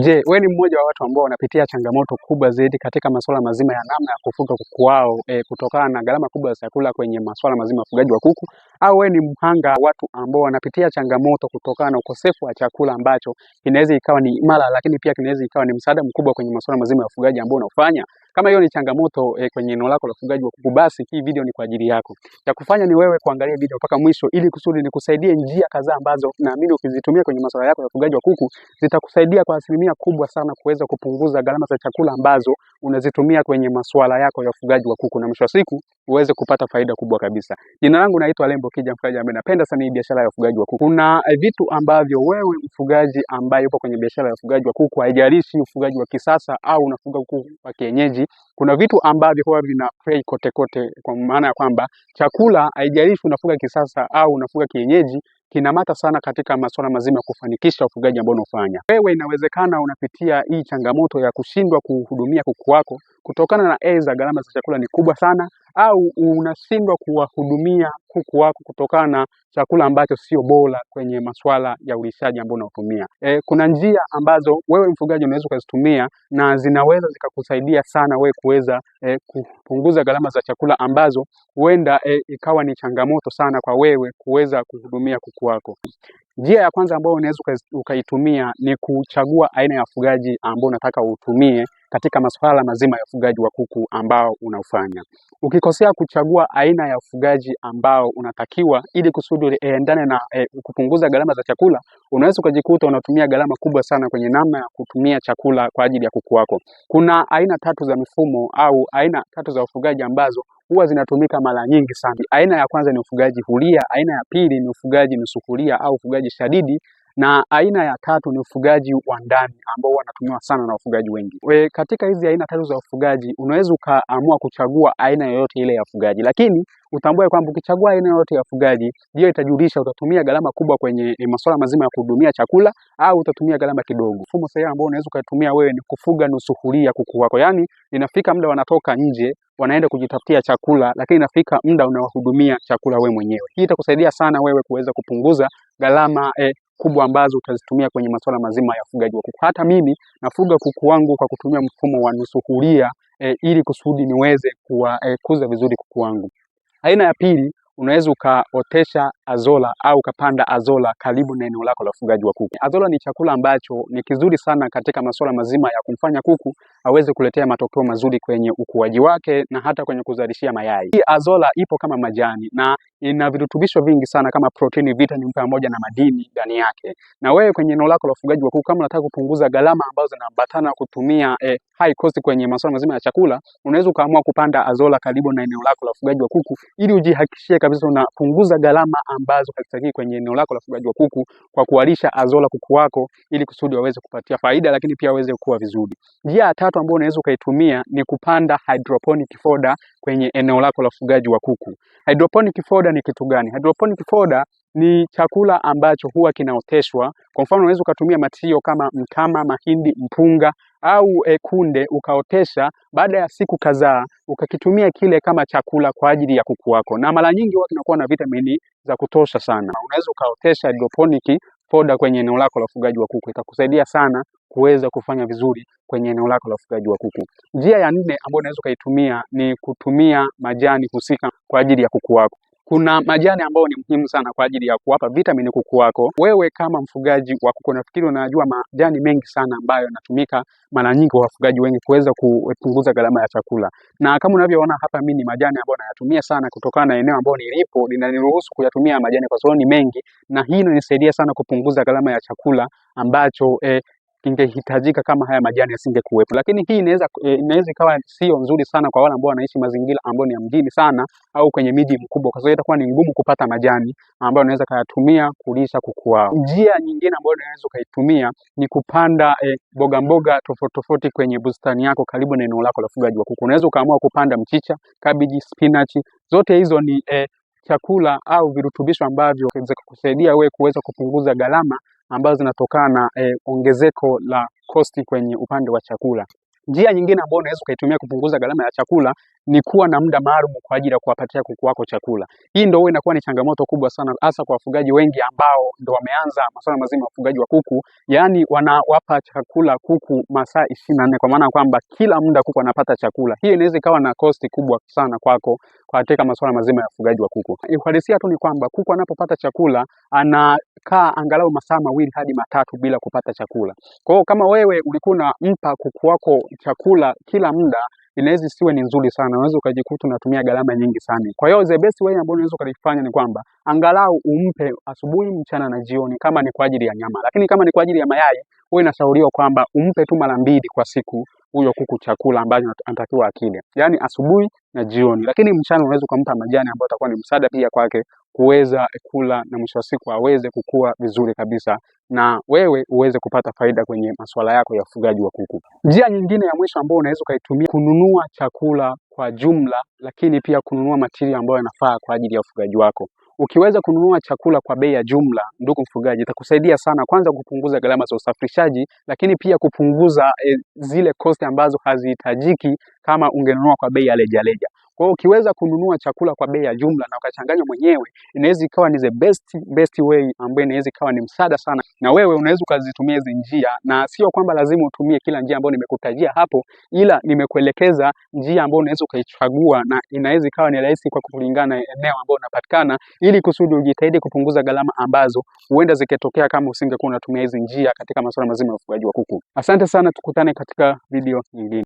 Je, wewe ni mmoja wa watu ambao wanapitia changamoto kubwa zaidi katika masuala mazima ya namna ya kufuga kuku wao e, kutokana na gharama kubwa za chakula kwenye masuala mazima ya ufugaji wa kuku, au wewe ni mhanga wa watu ambao wanapitia changamoto kutokana na ukosefu wa chakula ambacho inaweza ikawa ni mara, lakini pia kinaweza ikawa ni msaada mkubwa kwenye masuala mazima ya ufugaji ambao unaofanya? Kama hiyo ni changamoto eh, kwenye eneo lako la ufugaji wa kuku, basi hii video ni kwa ajili yako. Ya kufanya ni wewe kuangalia video mpaka mwisho, ili kusudi nikusaidie njia kadhaa ambazo naamini ukizitumia kwenye masuala yako ya ufugaji wa kuku zitakusaidia kwa asilimia kubwa sana kuweza kupunguza gharama za chakula ambazo unazitumia kwenye masuala yako ya ufugaji wa kuku na mwisho wa siku uweze kupata faida kubwa kabisa. Jina langu naitwa Lembo Kija, mfugaji ambaye napenda sana hii biashara ya ufugaji wa kuku. Kuna eh, vitu ambavyo wewe mfugaji ambaye upo kwenye biashara ya ufugaji wa kuku, haijalishi ufugaji wa kisasa au unafuga kuku wa kienyeji, kuna vitu ambavyo huwa vina play kote kote, kwa maana ya kwamba chakula, haijalishi unafuga kisasa au unafuga kienyeji kinamata sana katika masuala mazima ya kufanikisha ufugaji ambao unafanya wewe. Inawezekana unapitia hii changamoto ya kushindwa kuhudumia kuku wako kutokana na aidha gharama za chakula ni kubwa sana, au unashindwa kuwahudumia kuku wako kutokana na chakula ambacho sio bora kwenye masuala ya ulishaji ambao unaotumia. E, kuna njia ambazo wewe mfugaji unaweza ukazitumia na zinaweza zikakusaidia sana wewe kuweza e, kupunguza gharama za chakula ambazo huenda e, ikawa ni changamoto sana kwa wewe kuweza kuhudumia kuku wako. Njia ya kwanza ambayo unaweza ukaitumia ni kuchagua aina ya ufugaji ambao unataka utumie katika masuala mazima ya ufugaji wa kuku ambao unaofanya Ukikosea kuchagua aina ya ufugaji ambao unatakiwa ili kusudi endane na e, kupunguza gharama za chakula, unaweza ukajikuta unatumia gharama kubwa sana kwenye namna ya kutumia chakula kwa ajili ya kuku wako. Kuna aina tatu za mifumo au aina tatu za ufugaji ambazo huwa zinatumika mara nyingi sana. Aina ya kwanza ni ufugaji huria, aina ya pili ni ufugaji nusukuria au ufugaji shadidi, na aina ya tatu ni ufugaji wa ndani ambao wanatumiwa sana na wafugaji wengi. We, katika hizi aina tatu za ufugaji unaweza ukaamua kuchagua aina yoyote ile ya ufugaji, lakini utambue kwamba ukichagua aina yoyote ya ufugaji, hiyo itajulisha utatumia gharama kubwa kwenye eh, masuala mazima ya kuhudumia chakula au utatumia gharama kidogo. Mfumo sahihi ambao unaweza ukatumia wewe ni kufuga nusu huria kuku wako, yaani inafika muda wanatoka nje wanaenda kujitafutia chakula, lakini inafika muda unawahudumia chakula wewe mwenyewe. Hii itakusaidia sana wewe kuweza kupunguza gharama eh, kubwa ambazo utazitumia kwenye masuala mazima ya ufugaji wa kuku. Hata mimi nafuga kuku wangu kwa kutumia mfumo wa nusu huria e, ili kusudi niweze kuwakuza e, vizuri kuku wangu. Aina ya pili unaweza ukaotesha azola au ukapanda azola karibu na eneo lako la ufugaji wa kuku. Azola ni chakula ambacho ni kizuri sana katika masuala mazima ya kumfanya kuku aweze kuletea matokeo mazuri kwenye ukuaji wake na hata kwenye kuzalishia mayai. Hii Azola ipo kama majani na ina virutubisho vingi sana kama protini, vitamini pamoja na madini ndani yake. Na wewe kwenye eneo lako la ufugaji wa kuku, kama unataka kupunguza gharama ambazo zinaambatana kutumia eh, high cost kwenye masuala mazima ya chakula, unaweza ukaamua kupanda Azola karibu na eneo lako la ufugaji wa kuku ili ujihakikishie kabisa unapunguza gharama ambazo hazitakii kwenye eneo lako la ufugaji wa kuku kwa kuwalisha azola kuku wako ili kusudi waweze kupatia faida, lakini pia waweze kuwa vizuri. Njia ya tatu ambayo unaweza ukaitumia ni kupanda hydroponic fodder kwenye eneo lako la ufugaji wa kuku. Hydroponic fodder ni kitu gani? Hydroponic fodder ni chakula ambacho huwa kinaoteshwa. Kwa mfano, unaweza ukatumia matio kama mtama, mahindi, mpunga au e, kunde ukaotesha, baada ya siku kadhaa ukakitumia kile kama chakula kwa ajili ya kuku wako, na mara nyingi huwa kinakuwa na vitamini za kutosha sana. Unaweza ukaotesha hydroponic foda kwenye eneo lako la ufugaji wa kuku, itakusaidia sana kuweza kufanya vizuri kwenye eneo lako la ufugaji wa kuku. Njia ya nne ambayo unaweza ukaitumia ni kutumia majani husika kwa ajili ya kuku wako. Kuna majani ambayo ni muhimu sana kwa ajili ya kuwapa vitamini kuku wako. Wewe kama mfugaji wa kuku, nafikiri unajua majani mengi sana ambayo yanatumika mara nyingi kwa wafugaji wengi kuweza kupunguza gharama ya chakula, na kama unavyoona hapa, mimi ni majani ambayo nayatumia sana kutokana na eneo ambayo nilipo linaniruhusu kuyatumia majani kwa sababu ni mengi, na hii inanisaidia sana kupunguza gharama ya chakula ambacho eh, kingehitajika kama haya majani yasingekuwepo. Lakini hii inaweza eh, inaweza ikawa sio nzuri sana kwa wale ambao wanaishi mazingira ambayo ni ya mjini sana au kwenye miji mkubwa, kwa sababu itakuwa ni ngumu kupata majani ambayo unaweza kayatumia kulisha kuku wao. Njia nyingine ambayo unaweza ukaitumia ni kupanda eh, mboga mboga tofauti tofauti kwenye bustani yako karibu na eneo lako la ufugaji wa kuku. Unaweza ukaamua kupanda mchicha, kabeji, spinach, zote hizo ni eh, chakula au virutubisho ambavyo vinaweza kukusaidia wewe kuweza kupunguza gharama ambazo zinatokana na eh, ongezeko la kosti kwenye upande wa chakula. Njia nyingine ambayo unaweza ukaitumia kupunguza gharama ya chakula ni kuwa na muda maalum kwa ajili ya kuwapatia kuku wako chakula. Hii ndio inakuwa ni changamoto kubwa sana, hasa kwa wafugaji wengi ambao ndio wameanza masuala mazima ya ufugaji wa kuku, yaani wanawapa chakula kuku masaa ishirini na nne kwa maana kwamba kila muda kuku anapata chakula. Hii inaweza ikawa na kosti kubwa sana kwako katika masuala mazima ya ufugaji wa kuku. Uhalisia tu ni kwamba kuku anapopata chakula anakaa angalau masaa mawili hadi matatu bila kupata chakula. Kwa hiyo kama wewe ulikuwa unampa kuku wako chakula kila muda inaweza isiwe ni nzuri sana, unaweza ukajikuta unatumia gharama nyingi sana. Kwa hiyo the best way ambayo unaweza ukalifanya ni kwamba angalau umpe asubuhi, mchana na jioni, kama ni kwa ajili ya nyama. Lakini kama ni kwa ajili ya mayai, wewe inashauriwa kwamba umpe tu mara mbili kwa siku huyo kuku chakula ambacho anatakiwa akile, yaani asubuhi na jioni. Lakini mchana unaweza ukampa majani ambayo atakuwa ni msaada pia kwake kuweza kula na mwisho wa siku aweze kukua vizuri kabisa na wewe uweze kupata faida kwenye masuala yako ya ufugaji wa kuku. Njia nyingine ya mwisho ambayo unaweza ukaitumia kununua chakula kwa jumla, lakini pia kununua material ambayo yanafaa kwa ajili ya ufugaji wako. Ukiweza kununua chakula kwa bei ya jumla, ndugu mfugaji, itakusaidia sana kwanza kupunguza gharama za usafirishaji, lakini pia kupunguza e, zile kosti ambazo hazihitajiki kama ungenunua kwa bei ya rejareja. Kwa hiyo ukiweza kununua chakula kwa bei ya jumla na ukachanganya mwenyewe, inaweza ikawa ni the best best way ambayo inaweza ikawa ni msaada sana, na wewe unaweza ukazitumia hizi njia, na sio kwamba lazima utumie kila njia ambayo nimekutajia hapo, ila nimekuelekeza njia ambayo unaweza ukaichagua na inaweza ikawa ni rahisi kwa kulingana na eneo ambayo unapatikana, ili kusudi ujitahidi kupunguza gharama ambazo huenda zikitokea kama usingekuwa unatumia hizi njia katika masuala mazima ya ufugaji wa kuku. Asante sana, tukutane katika video nyingine.